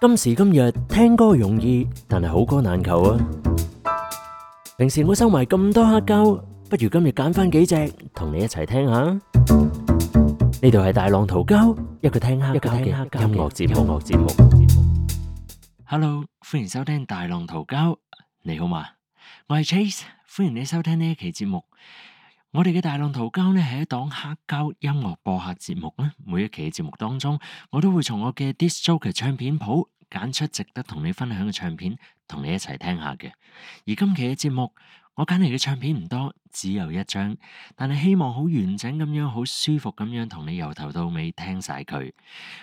今時今日聽歌容易，但係好歌難求啊！平時我收埋咁多黑膠，不如今日揀翻幾隻同你一齊聽下。呢度係大浪淘膠，一個聽黑膠嘅音樂節目。音樂節目。Hello，歡迎收聽大浪淘膠。你好嘛？我係 Chase，歡迎你收聽呢一期節目。我哋嘅大浪淘膠呢，係一檔黑膠音樂播客節目咧。每一期嘅節目當中，我都會從我嘅 DISC JOKER 唱片鋪揀出值得同你分享嘅唱片，同你一齊聽一下嘅。而今期嘅節目，我揀嚟嘅唱片唔多，只有一張，但係希望好完整咁樣，好舒服咁樣，同你由頭到尾聽晒佢。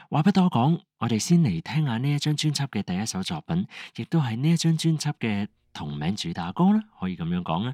話不多講，我哋先嚟聽下呢一張專輯嘅第一首作品，亦都係呢一張專輯嘅同名主打歌啦，可以咁樣講啦。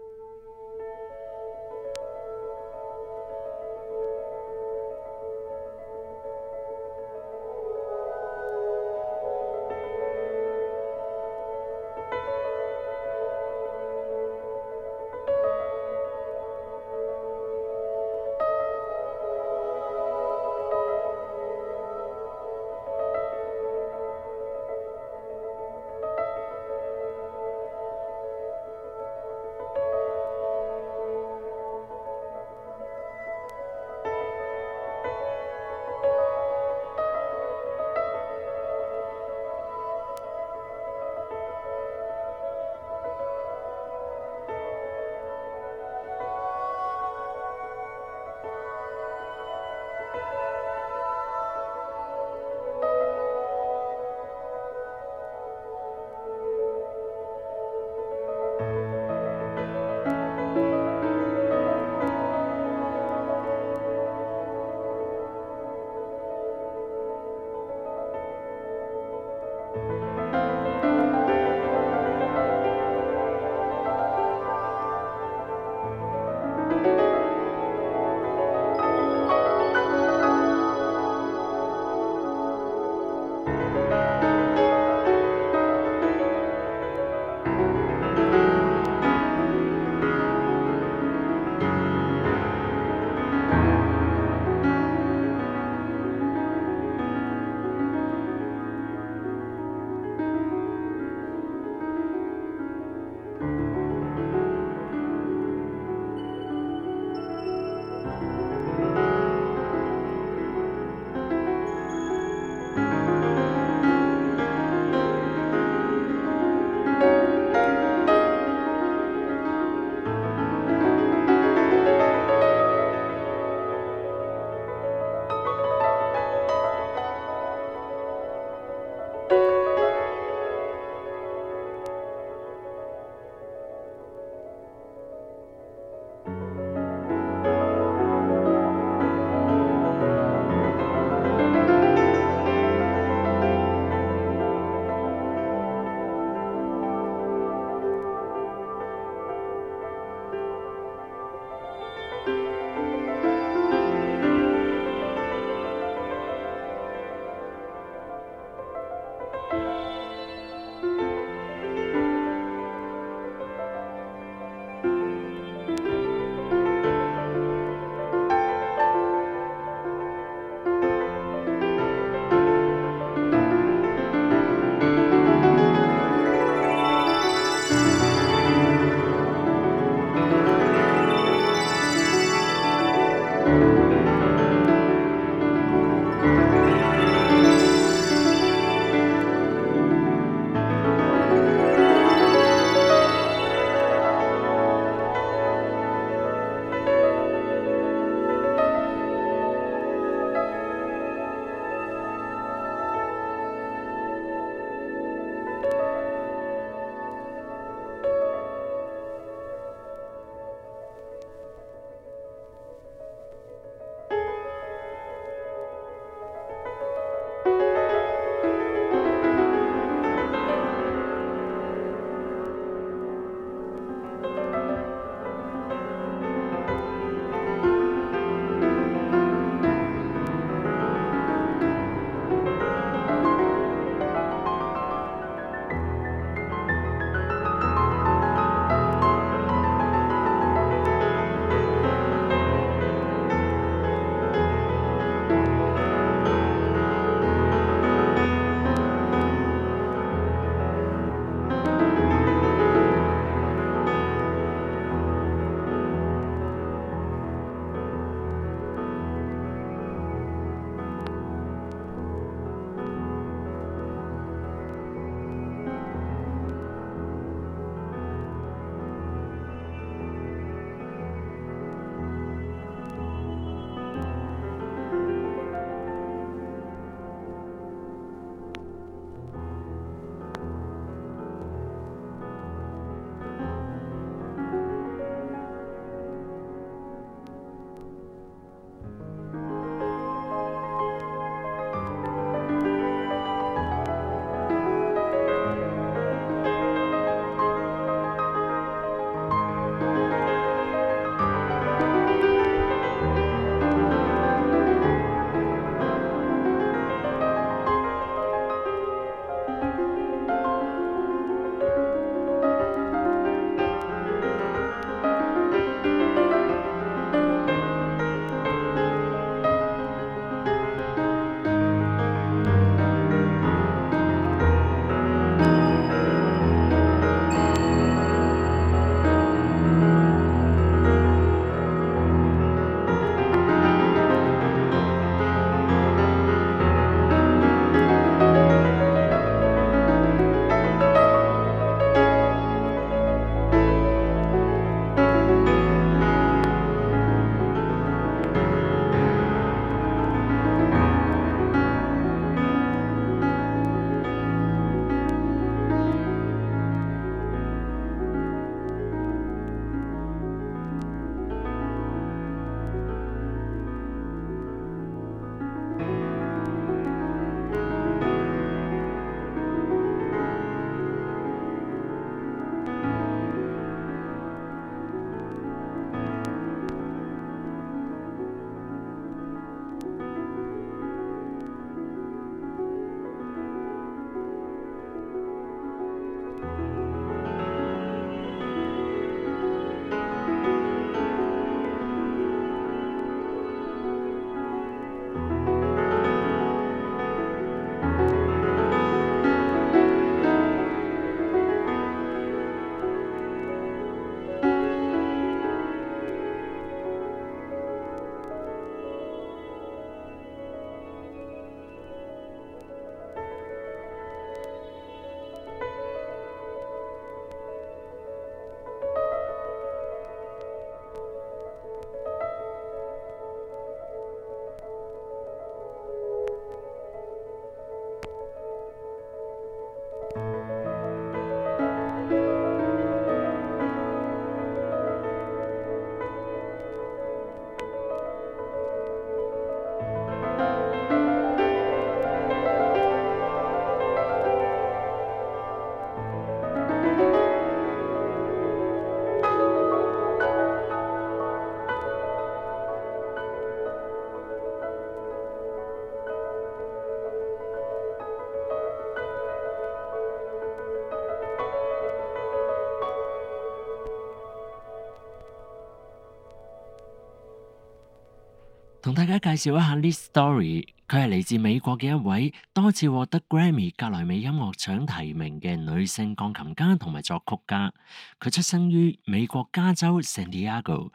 大家介紹一下呢個 Liz Story，佢係嚟自美國嘅一位多次獲得 Grammy 格萊美音樂獎提名嘅女性鋼琴家同埋作曲家。佢出生於美國加州 San Diego，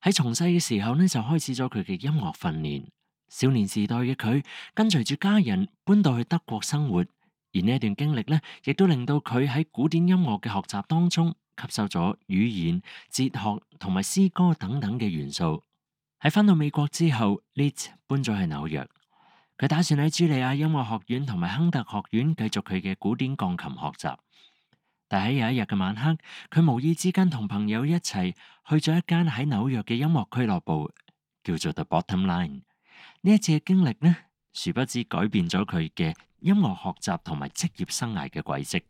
喺從細嘅時候呢，就開始咗佢嘅音樂訓練。少年時代嘅佢跟隨住家人搬到去德國生活，而呢一段經歷呢，亦都令到佢喺古典音樂嘅學習當中吸收咗語言、哲學同埋詩歌等等嘅元素。喺返到美國之後，Liz 搬咗去紐約，佢打算喺朱莉亞音樂學院同埋亨特學院繼續佢嘅古典鋼琴學習。但喺有一日嘅晚黑，佢無意之間同朋友一齊去咗一間喺紐約嘅音樂俱樂部，叫做 The Bottom Line。呢一次嘅經歷呢，殊不知改變咗佢嘅音樂學習同埋職業生涯嘅軌跡。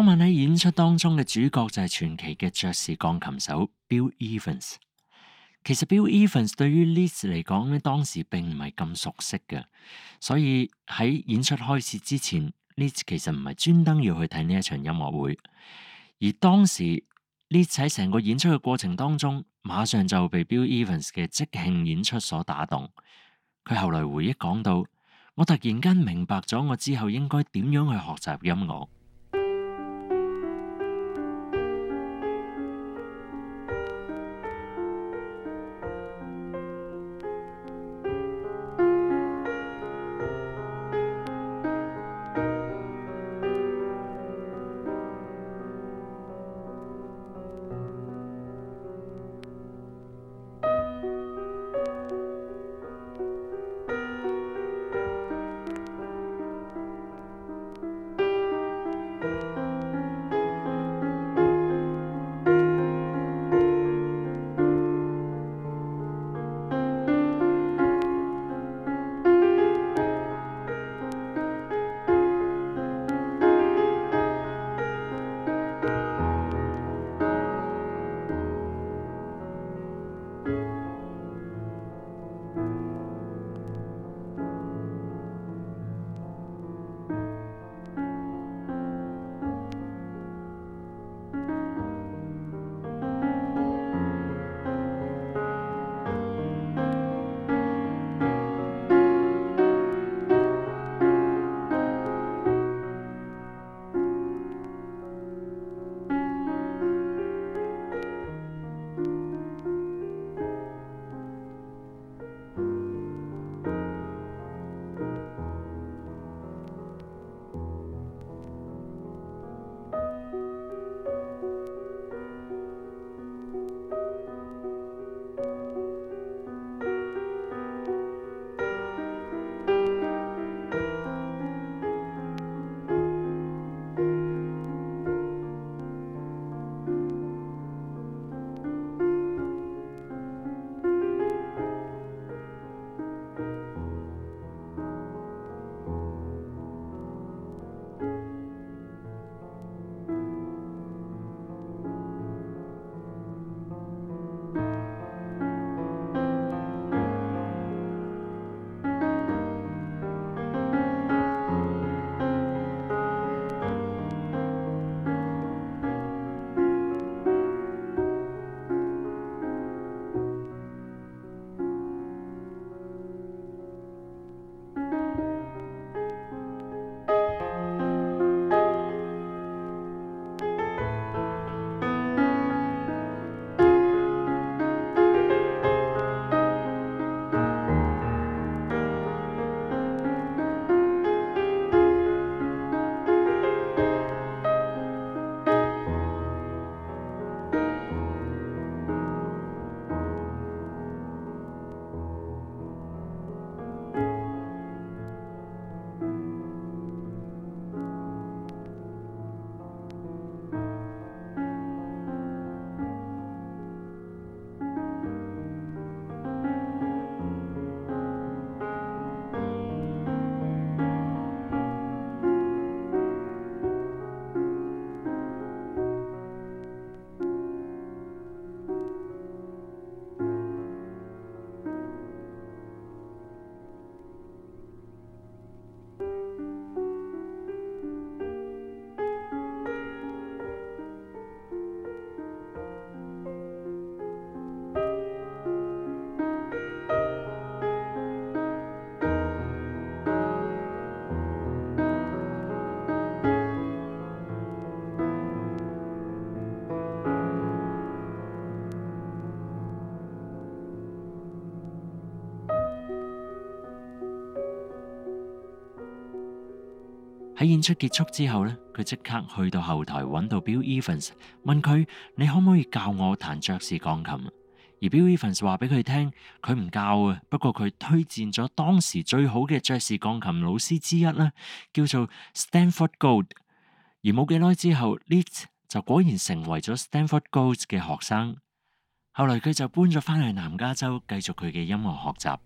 當晚喺演出當中嘅主角就係傳奇嘅爵士鋼琴手 Bill Evans。其實 Bill Evans 對於 Liz 嚟講呢，當時並唔係咁熟悉嘅，所以喺演出開始之前，Liz 其實唔係專登要去睇呢一場音樂會。而當時 Liz 喺成個演出嘅過程當中，馬上就被 Bill Evans 嘅即興演出所打動。佢後來回憶講到：「我突然間明白咗我之後應該點樣去學習音樂。喺演出結束之後呢佢即刻去到後台揾到 Bill Evans，問佢：你可唔可以教我彈爵士鋼琴？而 Bill Evans 話俾佢聽，佢唔教啊，不過佢推薦咗當時最好嘅爵士鋼琴老師之一呢叫做 Sanford Gold。而冇幾耐之後，Liz 就果然成為咗 Sanford Gold 嘅學生。後來佢就搬咗翻去南加州，繼續佢嘅音樂學習。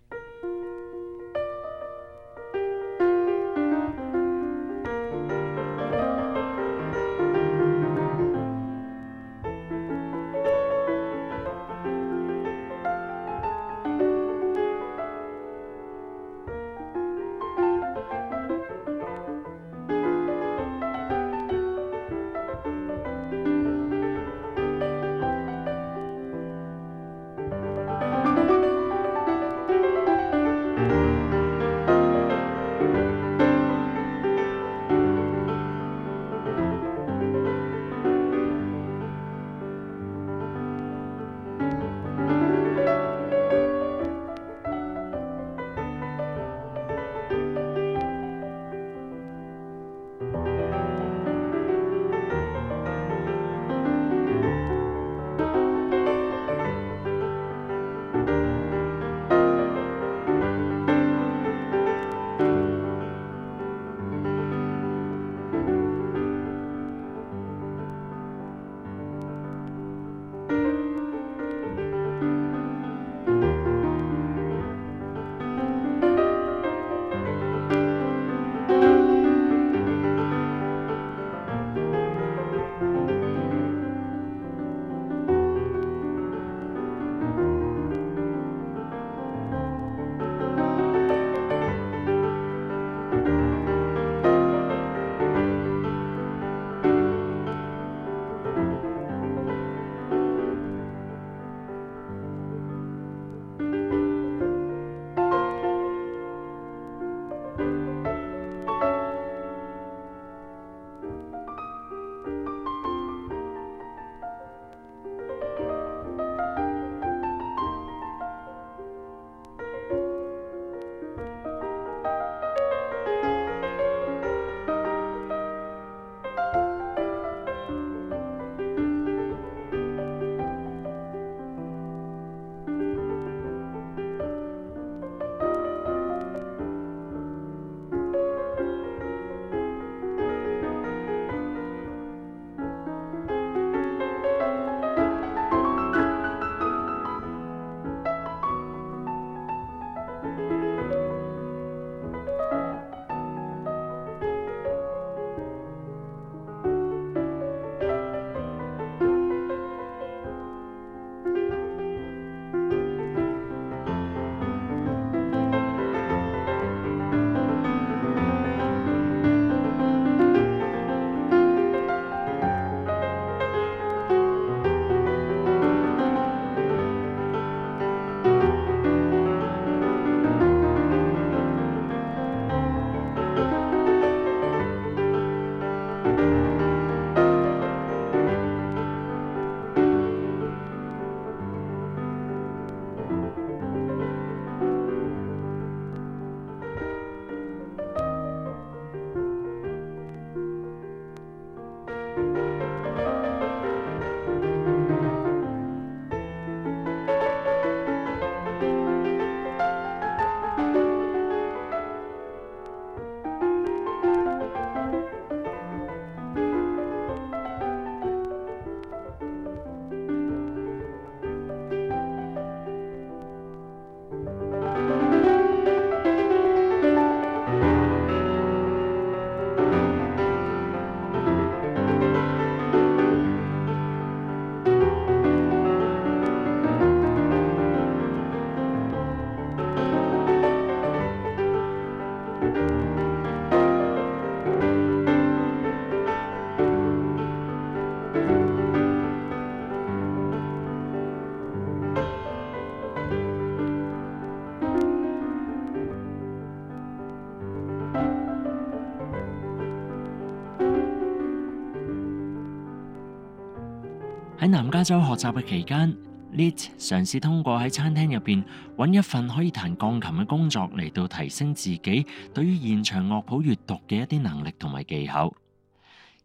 南加州學習嘅期間，Liz 嘗試通過喺餐廳入邊揾一份可以彈鋼琴嘅工作嚟到提升自己對於現場樂譜閱讀嘅一啲能力同埋技巧。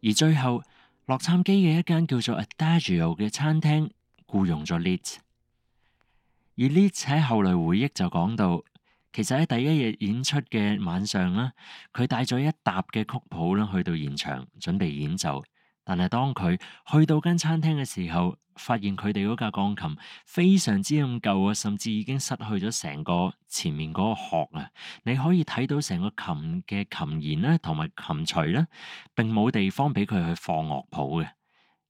而最後，洛杉磯嘅一間叫做 Adagio 嘅餐廳雇傭咗 Liz。而 Liz 喺後來回憶就講到，其實喺第一日演出嘅晚上啦，佢帶咗一沓嘅曲譜啦去到現場準備演奏。但係當佢去到間餐廳嘅時候，發現佢哋嗰架鋼琴非常之咁舊啊，甚至已經失去咗成個前面嗰個殼啊。你可以睇到成個琴嘅琴弦啦，同埋琴錘啦，並冇地方俾佢去放樂譜嘅。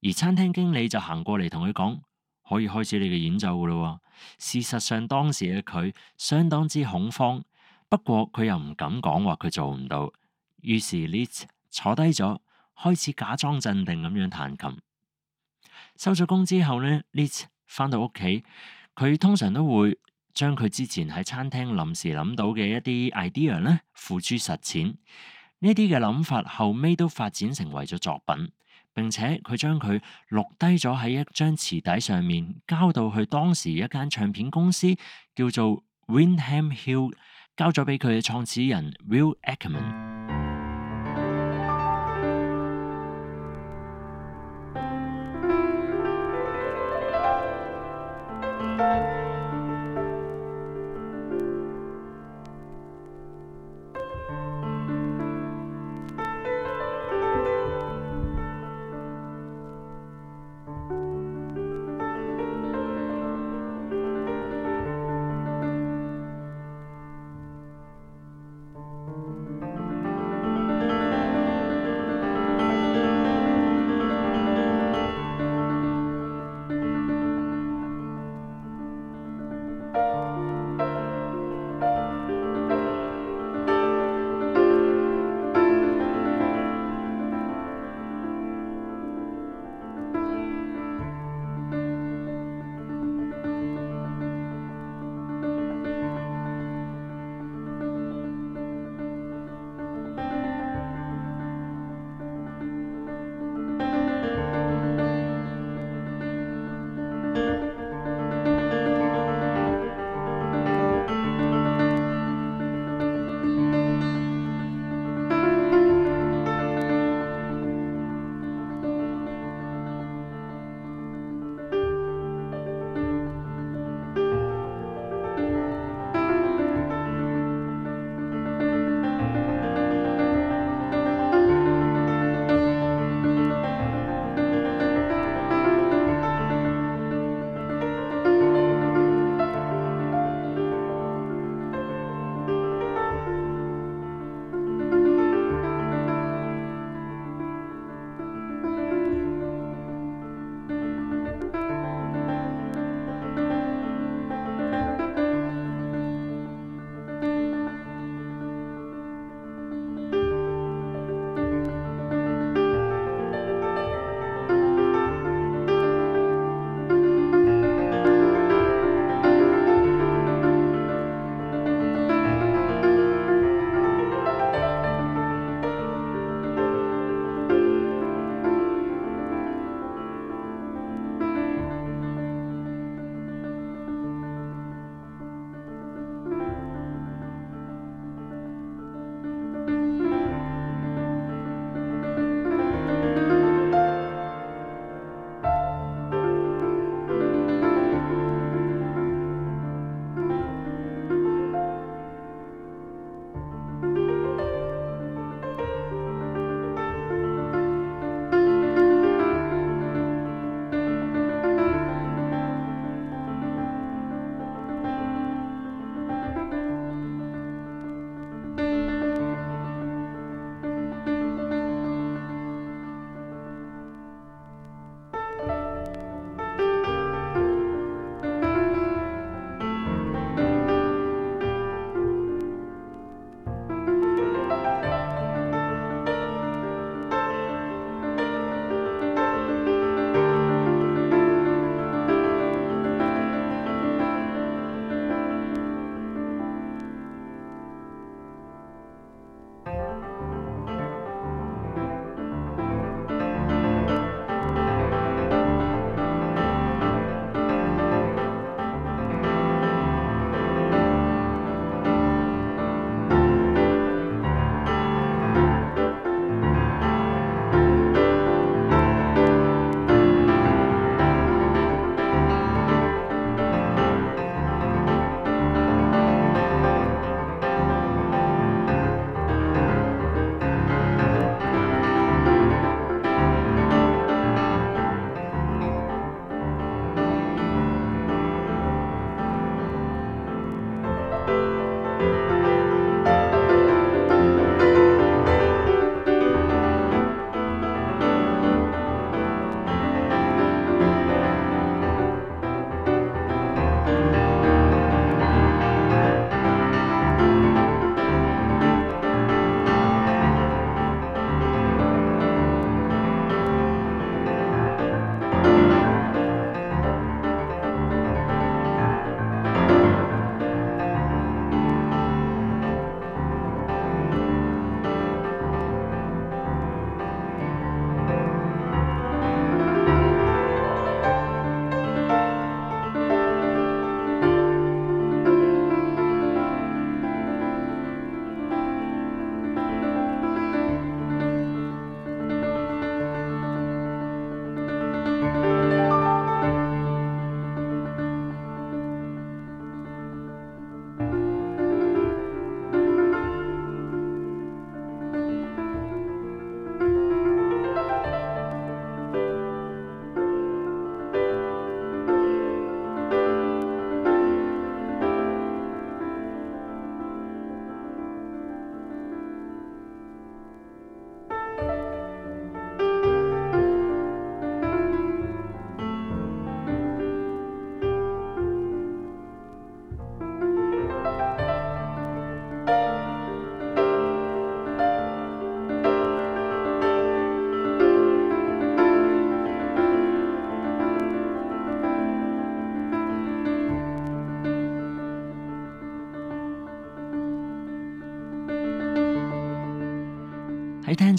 而餐廳經理就行過嚟同佢講，可以開始你嘅演奏噶啦。事實上當時嘅佢相當之恐慌，不過佢又唔敢講話佢做唔到，於是 Liz 坐低咗。開始假裝鎮定咁樣彈琴。收咗工之後呢，Liz 翻到屋企，佢通常都會將佢之前喺餐廳臨時諗到嘅一啲 idea 咧，付諸實踐。呢啲嘅諗法後尾都發展成為咗作品，並且佢將佢錄低咗喺一張磁帶上面，交到去當時一間唱片公司叫做 Windham Hill，交咗俾佢嘅創始人 Will Ackerman。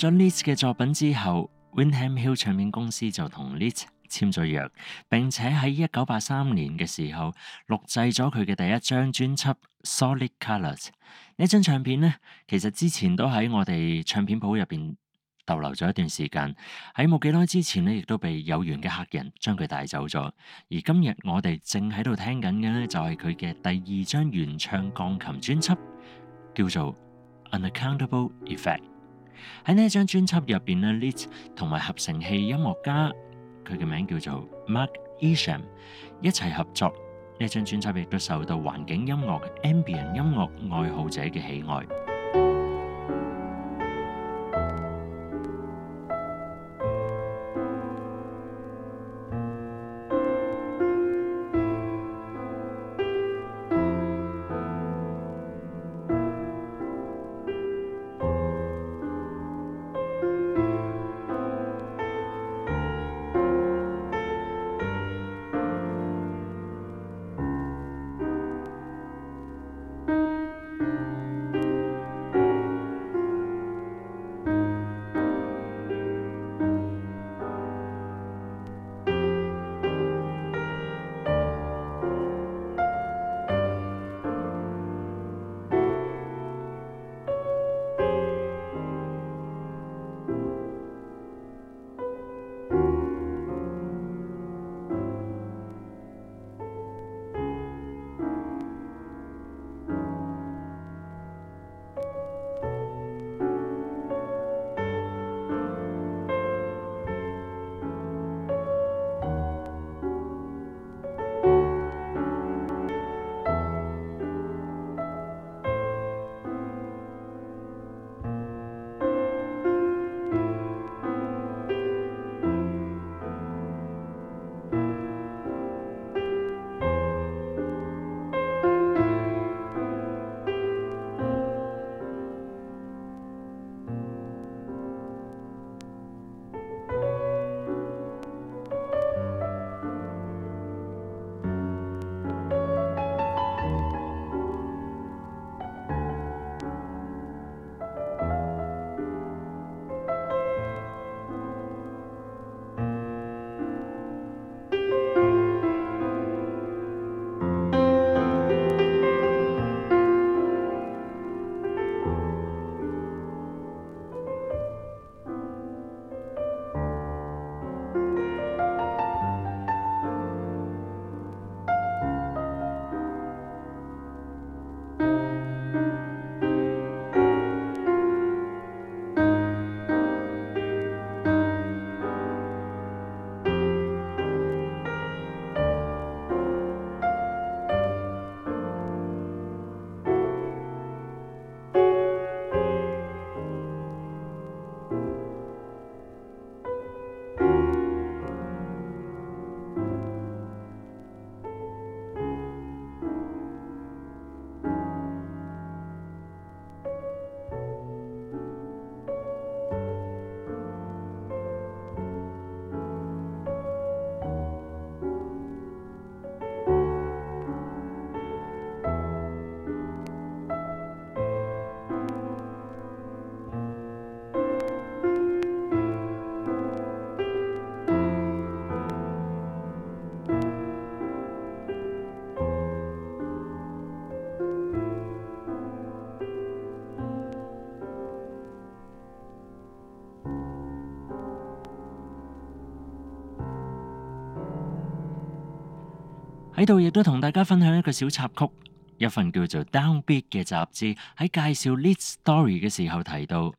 咗 Liz 嘅作品之後 Windham Hill 唱片公司就同 Liz 簽咗約，並且喺一九八三年嘅時候錄製咗佢嘅第一張專輯《Solid Colors》。呢張唱片咧，其實之前都喺我哋唱片鋪入邊逗留咗一段時間，喺冇幾耐之前咧，亦都被有緣嘅客人將佢帶走咗。而今日我哋正喺度聽緊嘅咧，就係佢嘅第二張原唱鋼琴專輯，叫做《Unaccountable Effect》。喺呢一張專輯入邊呢 Liz 同埋合成器音樂家，佢嘅名叫做 Mark Isham，一齊合作，呢一張專輯亦都受到環境音樂嘅 （ambient 音樂）愛好者嘅喜愛。喺度亦都同大家分享一個小插曲，一份叫做《Down Beat》嘅雜誌喺介紹 Liz Story 嘅時候提到，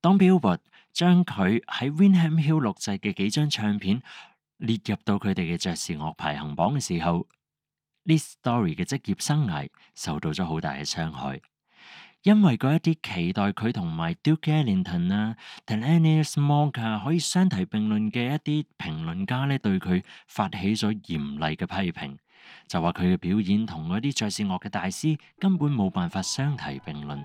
當 Billboard 將佢喺 Windham Hill 錄製嘅幾張唱片列入到佢哋嘅爵士樂排行榜嘅時候，Liz Story 嘅職業生涯受到咗好大嘅傷害，因為嗰一啲期待佢同埋 Duke Ellington 啊、Thelonious Monk 可以相提並論嘅一啲評論家咧，對佢發起咗嚴厲嘅批評。就話佢嘅表演同嗰啲爵士樂嘅大師根本冇辦法相提並論。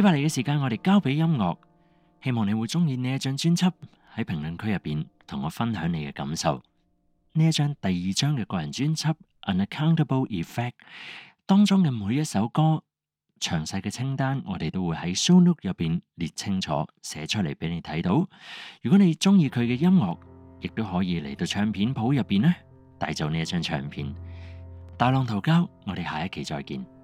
接下來嘅時間，我哋交俾音樂，希望你會中意呢一張專輯。喺評論區入邊同我分享你嘅感受。呢一張第二張嘅個人專輯《Unaccountable Effect》當中嘅每一首歌，詳細嘅清單我哋都會喺 ShowNote 入邊列清楚，寫出嚟，俾你睇到。如果你中意佢嘅音樂，亦都可以嚟到唱片鋪入邊咧，帶走呢一張唱片。大浪淘膠，我哋下一期再見。